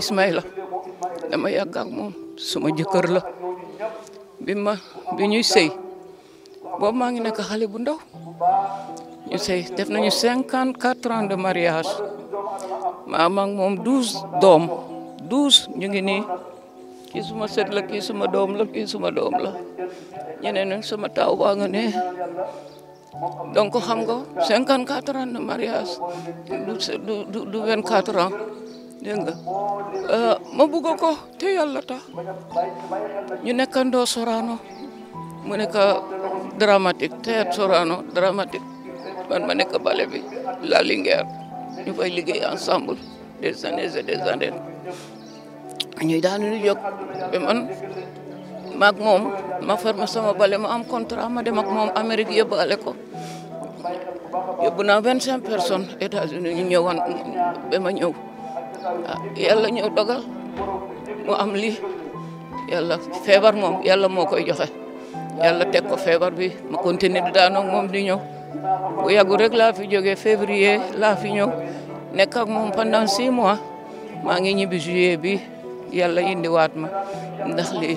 ismaila dama yàgg ak Mom, suma jëkkër la bima ma bi ñuy sëy boobu maa ngi nekk xale bu ndaw ñu sëy def nañu cinquante ans de mariage ma am ak moom douze doom douze ñu ngi nii kii suma sët la kii suma doom la kii suma doom la ñeneen nag sama taaw baa nga ne donc xam nga cinquante ans de mariage du du du vingt ans dégg nga euh, ma bugg ko te yàlla tax ñu nekkandoo Sorano mu nekk dramatique théâtre Sorano dramatique man ma nekk bale bi la Linguère ñu fay liggéey ensemble des années et des années ñuy daanu ñu jóg ba man maag moom ma ferme sama bale ma am contrat ma dem ak moom Amérique yóbbaale ko yóbbu naa vint cinq personnes États-Unis ñu ñëwoon ba ma ñëw yàlla ñëw dogal moo am lii yàlla feebar moom yàlla moo koy joxe yàlla teg ko feebar bi ma continuer di moom di ñëw bu yàggu rek laa fi jógee février laa fi ñëw nekk ak moom pendant six mois maa ngi ñibbi bi yàlla indiwaat ma ndax lii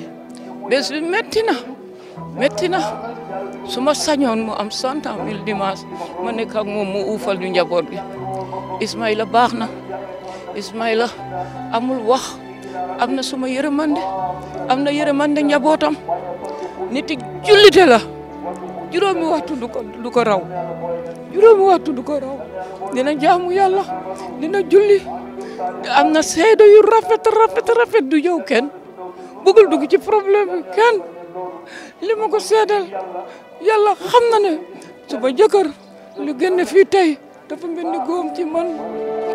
bés bi metti na metti su ma sañoon mu am cent mille dimanche ma moom mu uufal ñu njaboot bi Ismaïla baax na Ismaïla amul wax am na suma yërëmande am na yërëmande njabootam nit yi jullite la juróomi waxtu du ko raw juróomi waxtu du ko raw dina jaamu yàlla dina julli am na seede yu rafet rafet rafet du yow kenn bëggul dugg ci problème bi kenn li ma ko seedal yàlla xam na ne su ba jëkkër lu génn fii tey dafa mel ni góom ci man